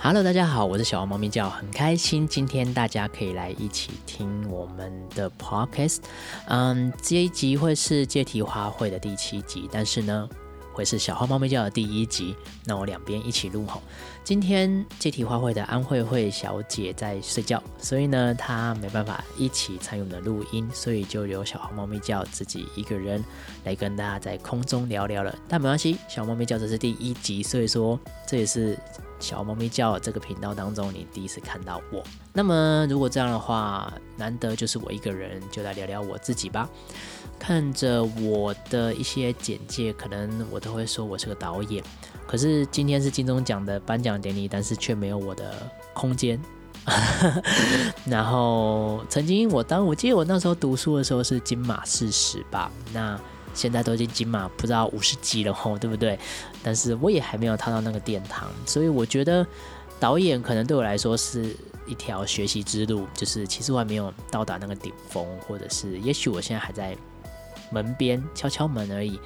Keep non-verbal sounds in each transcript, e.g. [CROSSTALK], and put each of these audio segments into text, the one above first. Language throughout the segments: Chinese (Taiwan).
Hello，大家好，我是小花貓咪叫，很開心今天大家可以來一起聽我們的 Podcast。嗯，這一集會是借題發揮的第七集，但是呢。會是小花貓咪叫的第一集，那我兩邊一起錄好，今天借題花卉的安慧慧小姐在睡覺，所以呢，她沒辦法一起參與我們的錄音，所以就由小花貓咪叫自己一個人來跟大家在空中聊聊了。但沒關係，小貓咪叫這是第一集，所以說這也是小貓咪叫這個頻道當中你第一次看到我。那麼如果這樣的話，難得就是我一個人就來聊聊我自己吧。看着我的一些簡介，可能我都會說我是個導演。可是今天是金鐘獎的頒獎典禮，但是卻沒有我的空間。 [LAUGHS] 然後曾經我當，我記得我那時候讀書的時候是金馬四十吧，那現在都已經金馬不知道五十幾了吼，對不對？但是我也還沒有踏到那個殿堂，所以我覺得導演可能對我來說是一條學習之路，就是其實我還沒有到達那個頂峰，或者是也許我現在還在.門邊敲敲門而已，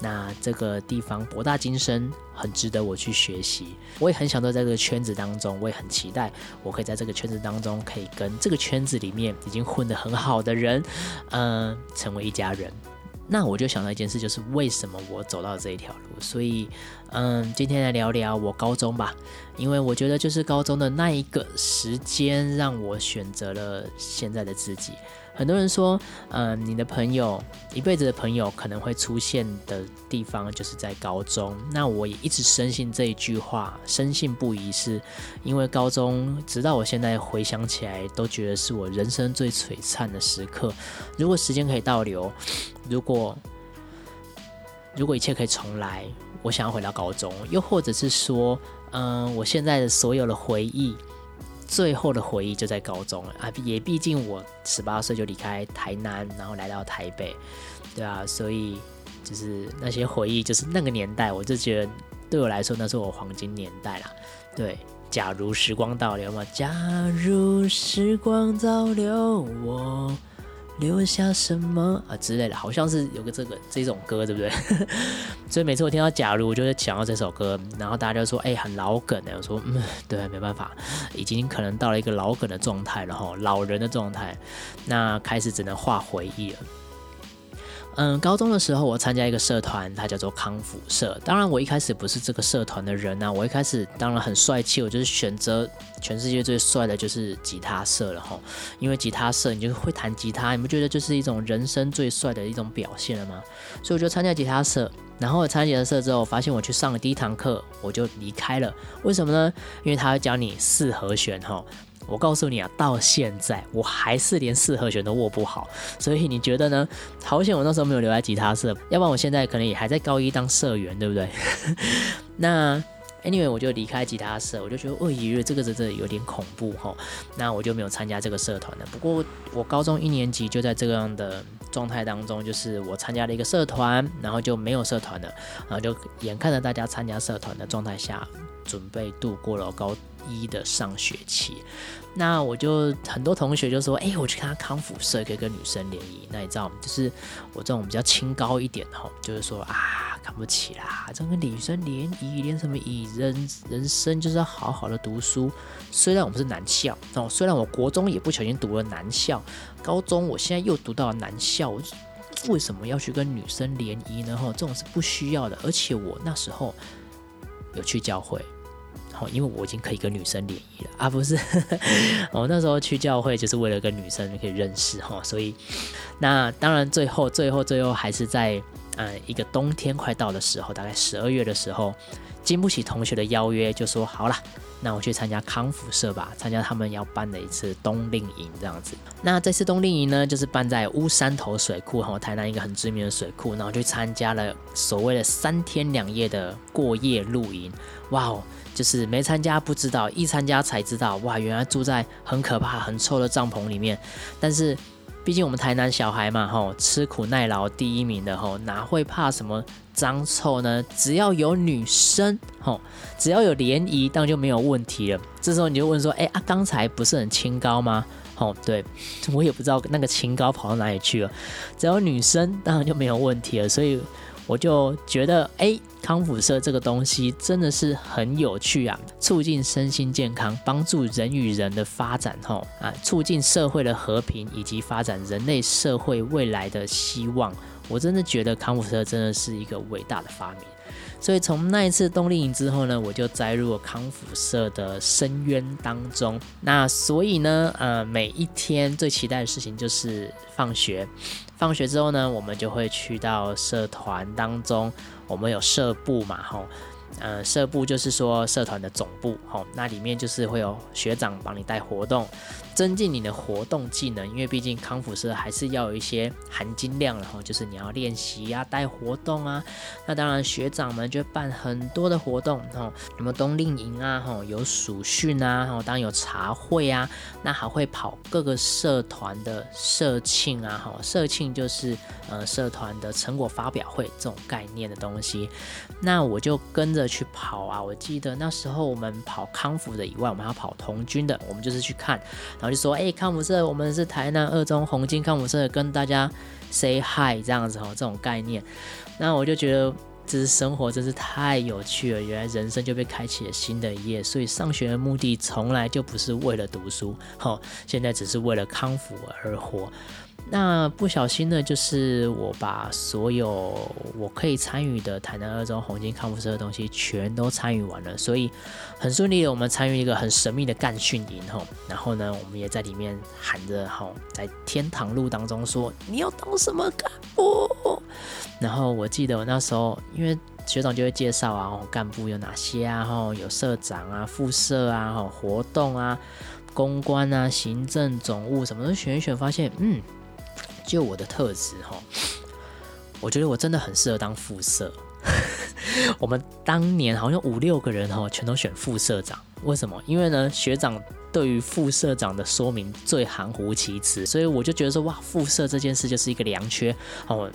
那這個地方博大精深，很值得我去學習。我也很享受在這個圈子當中，我也很期待我可以在這個圈子當中，可以跟這個圈子裡面已經混得很好的人，嗯、呃，成為一家人。那我就想到一件事，就是為什麼我走到這一條路？所以，嗯、呃，今天來聊聊我高中吧，因為我覺得就是高中的那一個時間，讓我選擇了現在的自己。很多人說，嗯、呃，你的朋友一輩子的朋友可能會出現的地方就是在高中。那我也一直深信這一句話，深信不疑，是因為高中，直到我現在回想起來，都覺得是我人生最璀璨的時刻。如果時間可以倒流，如果如果一切可以重來，我想要回到高中。又或者是說，嗯、呃，我現在的所有的回憶。最後的回憶就在高中了啊，也畢竟我十八歲就離開台南，然後來到台北，對啊，所以就是那些回憶，就是那個年代，我就覺得對我來說那是我黃金年代啦。對，假如時光倒流嘛，假如時光倒流，我留下什麼啊之類的，好像是有個這個這種歌，對不對？ [LAUGHS] 所以每次我聽到《假如》，我就會想到這首歌，然後大家就說：“哎、欸，很老梗的、欸。”我說：“嗯，對，沒辦法，已經可能到了一個老梗的狀態了吼，然後老人的狀態，那開始只能畫回憶了。”嗯，高中的時候我參加一個社團，它叫做康輔社。當然，我一開始不是這個社團的人吶、啊。我一開始當然很帥氣，我就是選擇全世界最帥的就是吉他社了吼，因為吉他社，你就會彈吉他，你不覺得就是一種人生最帥的一種表現了嗎？所以我就參加吉他社。然後我參加吉他社之後，發現我去上了第一堂課，我就離開了。為什麼呢？因為他要教你四和弦哈。我告訴你啊，到現在我還是連四和弦都握不好，所以你覺得呢？好險我那時候沒有留在吉他社，要不然我現在可能也還在高一當社員，對不對？ [LAUGHS] 那 anyway 我就離開吉他社，我就覺得哦，音、哎、這個這這有點恐怖吼，那我就沒有參加這個社團了。不過我高中一年級就在這樣的狀態當中，就是我參加了一個社團，然後就沒有社團了，然後就眼看着大家參加社團的狀態下。準備度過了高一的上學期，那我就很多同學就說：“哎、欸，我去看看康輔社，可以跟女生聯誼。”那你知道，就是我這種比較清高一點吼，就是說啊，看不起啦，這樣跟女生聯誼，連什麼以人人生就是要好好的讀書。雖然我們是男校，那我雖然我國中也不小心讀了男校，高中我現在又讀到了男校，我為什麼要去跟女生聯誼呢？吼，這種是不需要的。而且我那時候有去教會。哦，因為我已經可以跟女生聯誼了啊，不是，我那時候去教會就是為了跟女生可以認識哈、哦，所以那當然最後最後最後還是在、呃、一個冬天快到的時候，大概十二月的時候，經不起同學的邀約，就說好了。那我去參加康輔社吧，參加他們要辦的一次冬令營這樣子。那這次冬令營呢，就是辦在烏山頭水庫，吼，台南一個很知名的水庫。然後去參加了所謂的三天兩夜的過夜露營，哇、wow，就是沒參加不知道，一參加才知道，哇，原來住在很可怕、很臭的帳篷裡面。但是，畢竟我們台南小孩嘛，吼，吃苦耐勞第一名的，吼，哪會怕什麼？髒臭呢？只要有女生，哦，只要有漣漪，當然就沒有問題了。這時候你就問說：“哎啊，剛才不是很清高嗎？”哦，對我也不知道那個清高跑到哪裡去了。只要有女生，當然就沒有問題了。所以我就覺得，哎，康輔社這個東西真的是很有趣啊，促進身心健康，幫助人與人的發展，哦啊，促進社會的和平以及發展人類社會未來的希望。我真的覺得康輔社真的是一個偉大的發明，所以從那一次冬令營之後呢，我就栽入了康輔社的深淵當中。那所以呢，呃，每一天最期待的事情就是放學。放學之後呢，我們就會去到社團當中，我們有社部嘛，吼。呃，社部就是說社團的總部吼，那裡面就是會有學長幫你帶活動，增進你的活動技能，因為畢竟康輔社還是要有一些含金量，然後就是你要練習呀、帶活動啊。那當然學長們就辦很多的活動，吼，什麼冬令營啊，吼，有暑訓啊，吼，當然有茶會啊，那還會跑各個社團的社慶啊，吼，社慶就是呃社團的成果發表會這種概念的東西。那我就跟去跑啊！我記得那時候我們跑康輔的以外，我們還要跑童軍的。我們就是去看，然後就說：“哎、欸，康輔社，我們是台南二中紅金康輔社，跟大家 say hi 這樣子哦，這種概念。”那我就覺得，這是生活真是太有趣了。原來人生就被開啟了新的一頁。所以上學的目的從來就不是為了讀書，哦、現在只是為了康輔而活。那不小心呢，就是我把所有我可以參與的台南二中紅金康輔社的東西全都參與完了，所以很順利的，我們參與一個很神秘的幹訓營吼。然後呢，我們也在裡面喊着吼，在天堂路當中說你要當什麼幹部。然後我記得我那時候因為學長就會介紹啊，幹部有哪些啊吼，有社長啊、副社啊、活動啊、公關啊、行政總務什麼都選一選，發現嗯。就我的特質哈，我覺得我真的很適合當副社。 [LAUGHS] 我們當年好像五六個人哈，全都選副社長。為什麼？因為呢，學長對於副社長的說明最含糊其辭，所以我就覺得說，哇，副社這件事就是一個良缺哦，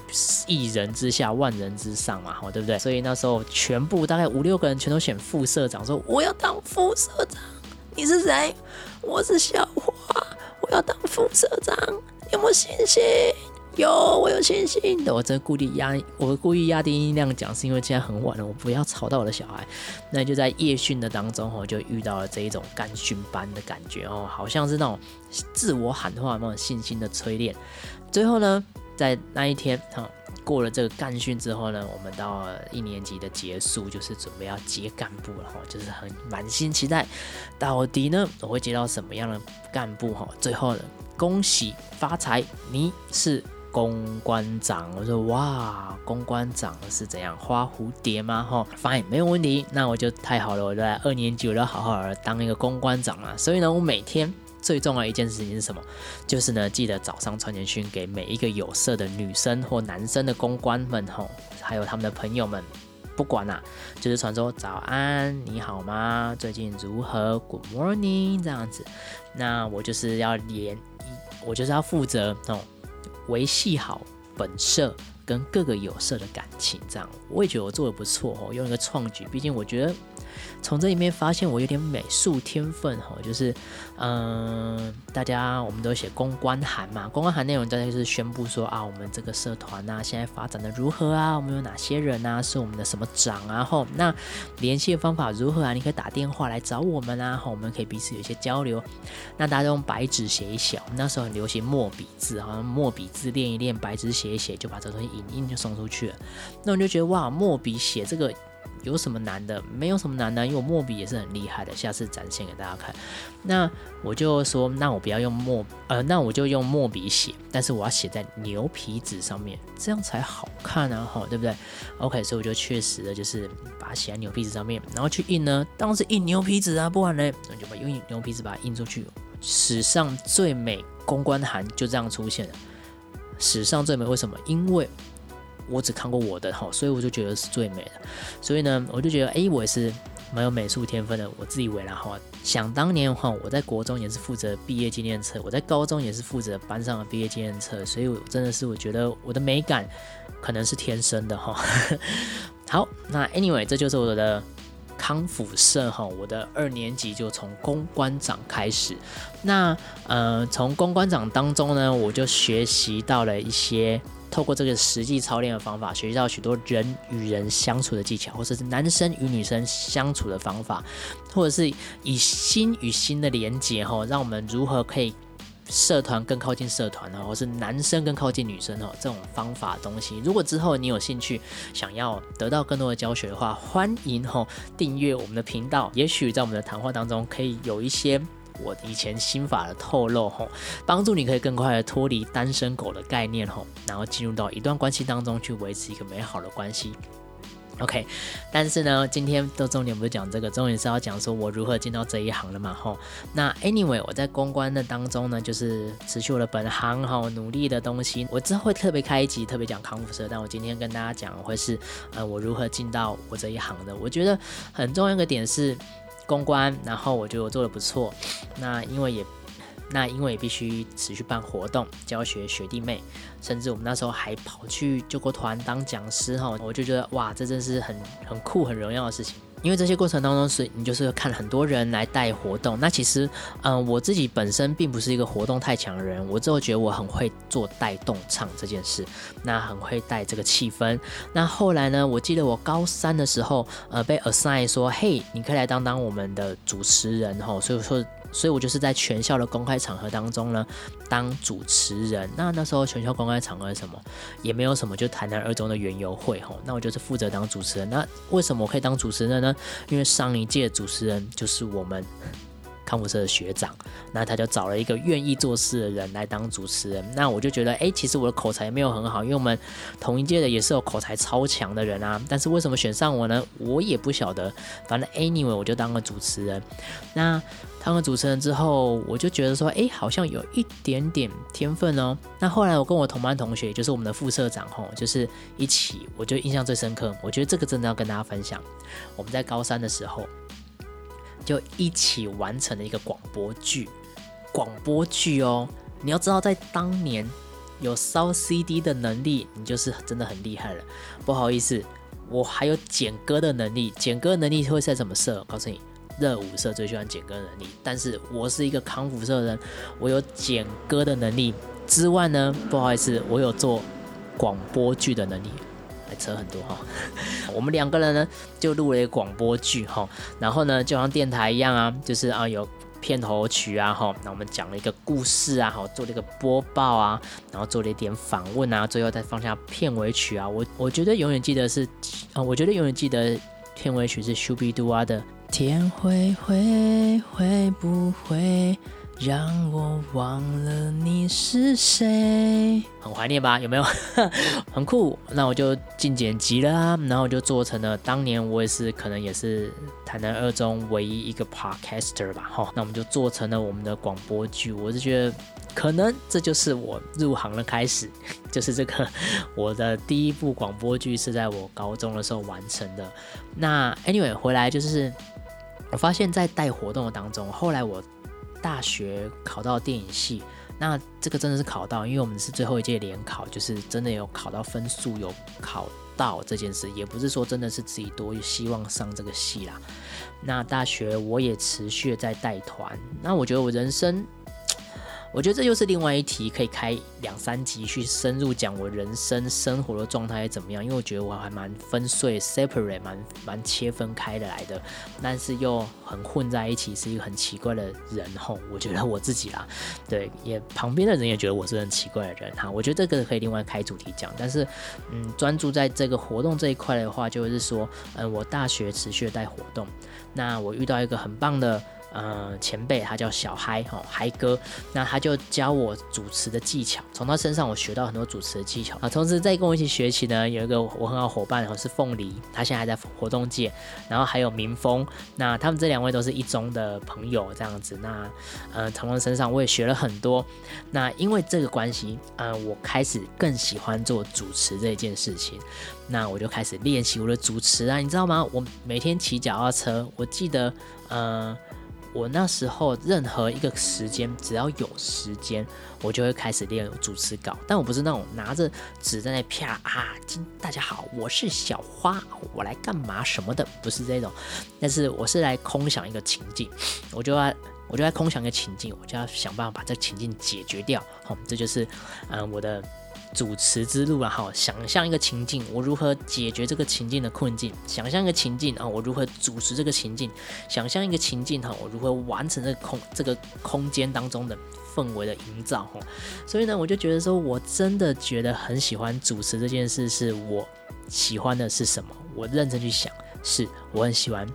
一人之下，萬人之上嘛，對不對？所以那時候全部大概五六個人全都選副社長，說我要當副社長。你是誰？我是小花，我要當副社長。有沒有信心？有，我有信心。我這故意壓，我故意壓低音量講，是因為現在很晚了，我不要吵到我的小孩。那就在夜訓的當中，我就遇到了這一種幹訓班的感覺，哦，好像是那種自我喊話，那種信心的淬鍊。最後呢，在那一天，哈，過了這個幹訓之後呢，我們到一年級的結束，就是準備要接幹部了，哈，就是很滿心期待，到底呢，我會接到什麼樣的幹部？哈，最後呢？恭喜發財！你是公關長，我說哇，公關長是怎樣？花蝴蝶嗎？吼，fine，沒有問題。那我就太好了，我在二年級，我要好好玩，當一個公關長啊，所以呢，我每天最重要的一件事情是什麼？就是呢，記得早上傳簡訊給每一個有色的女生或男生的公關們吼，還有他們的朋友們，不管啦、啊，就是傳說早安，你好嗎？最近如何？Good morning，這樣子。那我就是要連。我就是要負責哦，維繫好本社跟各個友社的感情，這樣，我也覺得我做得不錯哦，用一個創舉，畢竟我覺得。從這裡面發現我有點美術天分哈，就是，嗯、呃，大家我們都寫公關函嘛，公關函內容大家就是宣布說啊，我們這個社團吶、啊、現在發展的如何啊，我們有哪些人吶、啊，是我們的什麼長啊吼，那聯繫的方法如何啊，你可以打電話來找我們啊，我們可以彼此有一些交流。那大家都用白紙寫一寫，我們那時候很流行墨筆字，好像墨筆字練一練，白紙寫一寫，就把這東西影印就送出去了。那我就覺得哇，墨筆寫這個。有什麼難的？沒有什麼難的，因為我墨筆也是很厲害的，下次展現給大家看。那我就說，那我不要用墨，呃，那我就用墨筆寫，但是我要寫在牛皮紙上面，這樣才好看啊，哈，對不對？OK，所以我就確實的就是把它寫在牛皮紙上面，然後去印呢，當然是印牛皮紙啊，不然呢，那就把用牛皮紙把它印出去，史上最美公關函就這樣出現了。史上最美為什麼？因為。我只看過我的哈，所以我就覺得是最美的。所以呢，我就覺得，哎、欸，我也是蠻有美術天分的，我自以為哈。想當年的話，我在國中也是負責畢業紀念冊，我在高中也是負責班上的畢業紀念冊，所以我真的是我覺得我的美感可能是天生的哈。 [LAUGHS] 好，那 anyway，這就是我的康輔社哈。我的二年級就從公關長開始，那呃，從公關長當中呢，我就學習到了一些。透過這個實際操練的方法，學習到許多人與人相處的技巧，或是男生與女生相處的方法，或者是以心與心的連接。吼，讓我們如何可以社團更靠近社團呢？或是男生更靠近女生，吼，這種方法的東西。如果之後你有興趣想要得到更多的教學的話，歡迎吼訂閱我們的頻道。也許在我們的談話當中，可以有一些。我以前心法的透露吼，幫助你可以更快的脫離單身狗的概念吼，然後進入到一段關係當中去維持一個美好的關係。OK，但是呢，今天的重點不是講這個，重點是要講說我如何進到這一行的嘛吼。那 Anyway，我在公關的當中呢，就是持續我的本行哈，努力的東西。我之後會特別開一集特別講康輔社，但我今天跟大家講會是呃我如何進到我這一行的。我覺得很重要的一個點是。公關，然後我覺得我做得不錯。那因為也，那因為也必須持續辦活動、教學學弟妹，甚至我們那時候還跑去救國團當講師。哈，我就覺得哇，這真是很很酷、很榮耀的事情。因為這些過程當中，是你就是看很多人來帶活動。那其實，嗯、呃，我自己本身並不是一個活動太強的人，我之後覺得我很會做帶動唱這件事，那很會帶這個氣氛。那後來呢，我記得我高三的時候，呃，被 assign 說，嘿，你可以來當當我們的主持人哈、哦，所以說。所以我就是在全校的公開場合當中呢，當主持人。那那時候全校公開場合是什麼也沒有什麼，就台南二中的園遊會吼，那我就是負責當主持人。那為什麼我可以當主持人呢？因為上一屆主持人就是我們。康輔社的學長，那他就找了一個願意做事的人來當主持人。那我就覺得，哎、欸，其實我的口才也沒有很好，因為我們同一屆的也是有口才超強的人啊。但是為什麼選上我呢？我也不曉得。反正 anyway，我就當了主持人。那當了主持人之後，我就覺得說，哎、欸，好像有一點點天分哦、喔。那後來我跟我同班同學，就是我們的副社長哦，就是一起，我就印象最深刻。我覺得這個真的要跟大家分享。我們在高三的時候，就一起完成了一個廣播劇，廣播劇哦！你要知道，在當年有燒 CD 的能力，你就是真的很厲害了。不好意思，我還有剪歌的能力，剪歌的能力會是在什麼社？告訴你，熱舞社最喜歡剪歌的能力。但是我是一個康輔社的人，我有剪歌的能力之外呢，不好意思，我有做廣播劇的能力。車很多哈、喔 [LAUGHS] [LAUGHS] 我們兩個人呢就錄了一個廣播劇哈，然後呢就像電台一樣啊，就是啊有片頭曲啊哈，那我們講了一個故事啊，好做了一個播報啊，然後做了一點訪問啊，最後再放下片尾曲啊。我我覺得永遠記得是啊，我覺得永遠記得片尾曲是修比杜啊的天灰灰會，會不會？讓我忘了你是誰，很懷念吧？有沒有？ [LAUGHS] 很酷，那我就進剪輯了，然後我就做成了。當年我也是，可能也是台南二中唯一一個 podcaster 吧。吼，那我們就做成了我們的廣播劇。我是覺得，可能這就是我入行的開始，就是這個我的第一部廣播劇是在我高中的時候完成的。那 anyway，回來就是我發現在帶活動的當中，後來我。大學考到電影系，那這個真的是考到，因為我們是最後一屆聯考，就是真的有考到分數，有考到這件事，也不是說真的是自己多希望上這個系啦。那大學我也持續在帶團，那我覺得我人生。我覺得這又是另外一題，可以開兩三集去深入講我人生生活的狀態怎麼樣。因為我覺得我還蠻分碎、separate、蠻蠻切分開的來的，但是又很混在一起，是一個很奇怪的人吼，我覺得我自己啦，對，也旁邊的人也覺得我是很奇怪的人哈。我覺得這個可以另外開主題講，但是嗯，專注在這個活動這一塊的話，就是說，嗯、呃，我大學持續帶活動，那我遇到一個很棒的。呃，前輩他叫小嗨哈、哦、嗨哥，那他就教我主持的技巧，從他身上我學到很多主持的技巧啊。同時在跟我一起學習呢，有一個我很好夥伴，他是鳳梨，他現在還在活動界，然後還有明峰，那他們這兩位都是一中的朋友這樣子。那呃，從他身上我也學了很多。那因為這個關係，呃，我開始更喜歡做主持這件事情。那我就開始練習我的主持啊，你知道嗎？我每天騎腳踏車，我記得，呃。我那時候任何一個時間，只要有時間，我就會開始練主持稿。但我不是那種拿着紙在那啪啊，今大家好，我是小花，我來幹嘛什麼的，不是這種。但是我是來空想一個情境，我就要我就要空想一個情境，我就要想辦法把這個情境解決掉。好，嗯，這就是嗯我的。主持之路了，啊、哈，想象一個情境，我如何解決這個情境的困境？想象一個情境啊，我如何主持這個情境？想象一個情境哈，我如何完成這個空這個空間當中的氛圍的營造哈？所以呢，我就覺得說，我真的覺得很喜歡主持這件事，是我喜歡的是什麼？我認真去想，是我很喜歡。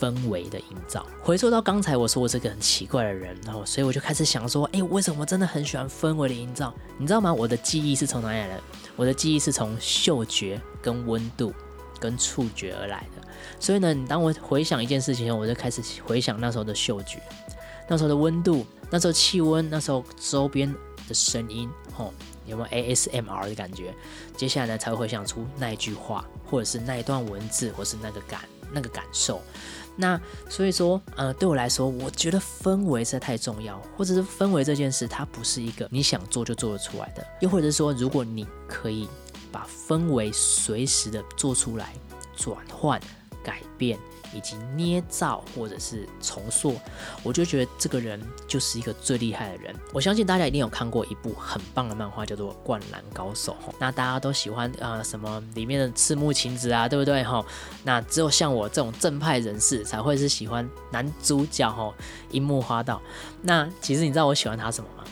氛圍的營造，回溯到剛才我說我是個很奇怪的人，然後所以我就開始想說，哎、欸，為什麼真的很喜歡氛圍的營造？你知道嗎？我的記憶是從哪裡來的？我的記憶是從嗅覺、跟溫度、跟觸覺而來的。所以呢，你當我回想一件事情，我就開始回想那時候的嗅覺，那時候的溫度，那時候氣溫，那時候周邊的聲音，吼，有沒有 ASMR 的感覺？接下來呢，才會回想出那一句話，或者是那一段文字，或是那個感。那個感受，那所以說，呃，對我來說，我覺得氛圍實在太重要，或者是氛圍這件事，它不是一個你想做就做得出來的。又或者是說，如果你可以把氛圍隨時的做出來、轉換、改變。以及捏造或者是重塑，我就覺得這個人就是一個最厲害的人。我相信大家一定有看過一部很棒的漫畫，叫做《灌籃高手》。那大家都喜歡啊、呃，什麼裡面的赤木晴子啊，對不對哈、哦？那只有像我這種正派人士才會是喜歡男主角哈櫻木花道。那其實你知道我喜歡他什麼嗎？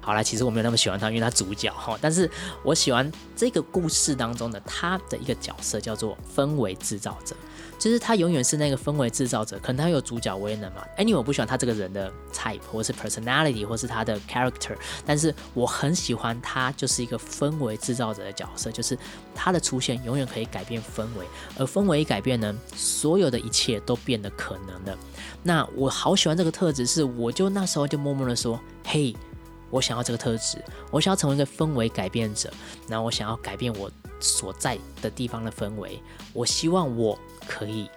好啦，其實我沒有那麼喜歡他，因為他主角哈、哦。但是我喜歡這個故事當中的他的一個角色，叫做氛圍製造者。就是他永遠是那個氛圍制造者，可能他有主角威能嘛。Anyway，我不喜歡他這個人的 type，或是 personality，或是他的 character。但是我很喜歡他，就是一個氛圍制造者的角色，就是他的出現永遠可以改變氛圍，而氛圍一改變呢，所有的一切都變得可能的。那我好喜歡這個特質，是我就那時候就默默的說：“嘿，我想要這個特質，我想要成為一個氛圍改變者，那我想要改變我所在的地方的氛圍，我希望我。”可以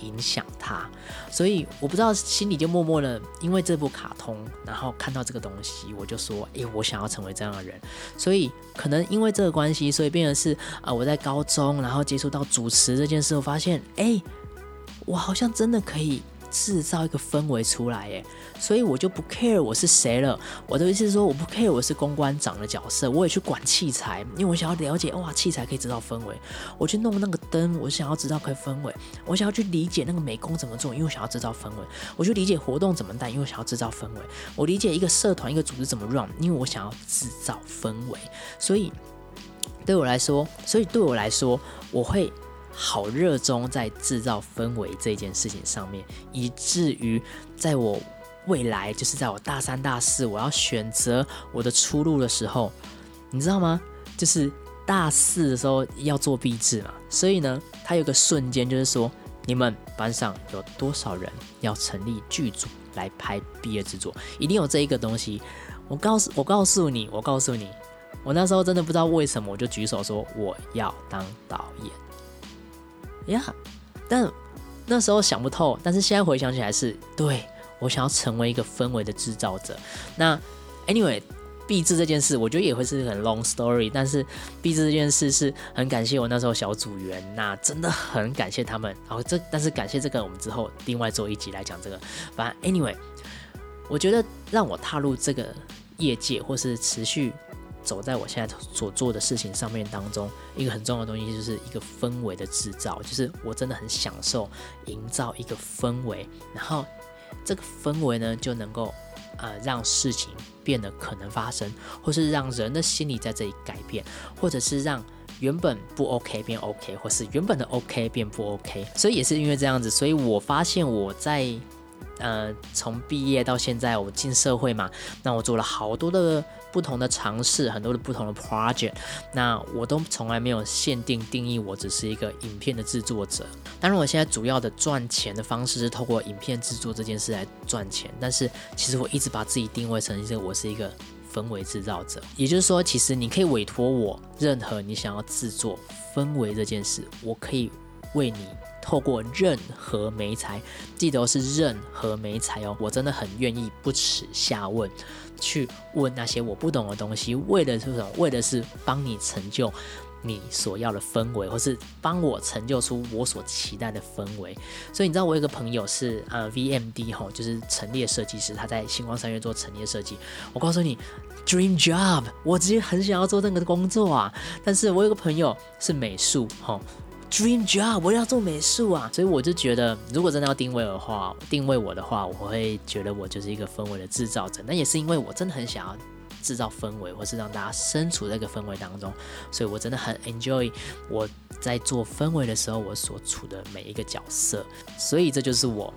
影響他，所以我不知道心裡就默默的，因為這部卡通，然後看到這個東西，我就說，欸，我想要成為這樣的人。所以可能因為這個關係，所以變成是啊，我在高中，然後接觸到主持這件事，我發現，欸，我好像真的可以。製造一個氛圍出來，耶，所以我就不 care 我是誰了。我的意思是說，我不 care 我是公關長的角色，我也去管器材，因為我想要了解哇，器材可以製造氛圍。我去弄那個燈，我想要製造可以氛圍。我想要去理解那個美工怎麼做，因為我想要製造氛圍。我去理解活動怎麼帶，因為我想要製造氛圍。我理解一個社團、一個組織怎麼 run，因為我想要製造氛圍。所以對我來說，所以對我來說，我會。好熱衷在製造氛圍這件事情上面，以至於在我未來就是在我大三大四我要選擇我的出路的時候，你知道嗎？就是大四的時候要做畢業製作嘛，所以呢，他有個瞬間就是說，你們班上有多少人要成立劇組來拍畢業製作，一定有這一個東西。我告訴，我告訴你，我告訴你，我那時候真的不知道為什麼，我就舉手說我要當導演。呀、yeah，但那時候想不透，但是現在回想起來是對我想要成為一個氛圍的制造者。那 anyway，畢製這件事，我覺得也會是很 long story。但是畢製這件事是很感謝我那時候小組員那、啊、真的很感謝他們。然、哦、後這，但是感謝這個，我們之後另外做一集來講這個。反正 anyway，我覺得讓我踏入這個業界或是持續。走在我現在所做的事情上面當中，一個很重要的東西就是一個氛圍的製造，就是我真的很享受營造一個氛圍，然後這個氛圍呢就能夠呃讓事情變得可能發生，或是讓人的心理在這裡改變，或者是讓原本不 OK 變 OK，或是原本的 OK 變不 OK。所以也是因為這樣子，所以我發現我在呃從畢業到現在，我進社會嘛，那我做了好多的。不同的嘗試，很多的不同的 project，那我都從來沒有限定定義，我只是一個影片的制作者。當然，我現在主要的賺錢的方式是透過影片制作這件事來賺錢。但是，其實我一直把自己定位成一個，我是一個氛圍制造者。也就是說，其實你可以委托我任何你想要制作氛圍這件事，我可以為你。透過任何媒材，記得、哦、是任何媒材哦。我真的很願意不恥下問，去問那些我不懂的東西，為的是什麼？為的是幫你成就你所要的氛圍，或是幫我成就出我所期待的氛圍。所以你知道，我有個朋友是呃 VMD 吼，就是陳列設計師，他在星光三月做陳列設計。我告訴你，dream job，我直接很想要做這個工作啊。但是我有個朋友是美術吼。哦。Dream job，我要做美術啊！所以我就覺得，如果真的要定位的話，定位我的話，我會覺得我就是一個氛圍的製造者。那也是因為我真的很想要製造氛圍，或是讓大家身處這個氛圍當中，所以我真的很 enjoy 我在做氛圍的時候，我所處的每一個角色。所以這就是我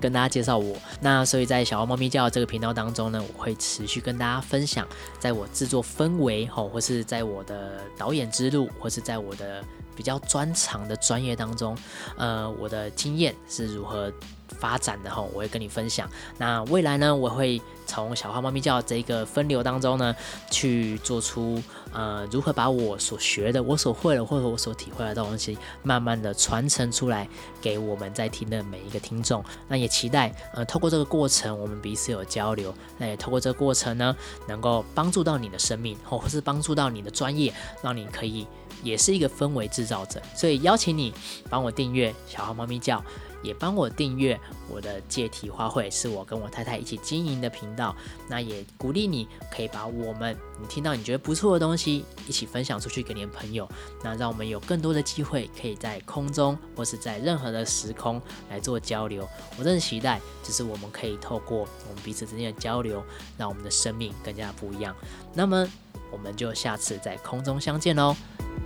跟大家介紹我。那所以在小花貓咪叫這個頻道當中呢，我會持續跟大家分享，在我製作氛圍，或是在我的導演之路，或是在我的。比較專長的專業當中，呃，我的經驗是如何發展的吼，我會跟你分享。那未來呢，我會從小花貓咪叫這個分流當中呢，去做出呃，如何把我所學的、我所會的或者我所體會的東西，慢慢的傳承出來給我們在聽的每一個聽眾。那也期待呃，透過這個過程，我們彼此有交流，那也透過這個過程呢，能夠幫助到你的生命，或者是幫助到你的專業，讓你可以。也是一個氛圍製造者，所以邀請你幫我訂閱小花貓咪叫，也幫我訂閱我的借題花卉，是我跟我太太一起經營的頻道。那也鼓勵你可以把我們你聽到你覺得不錯的東西一起分享出去給你的朋友，那讓我們有更多的機會可以在空中或是在任何的時空來做交流。我真的期待，就是我們可以透過我們彼此之間的交流，讓我們的生命更加不一樣。那麼我們就下次在空中相見嘍。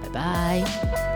拜拜。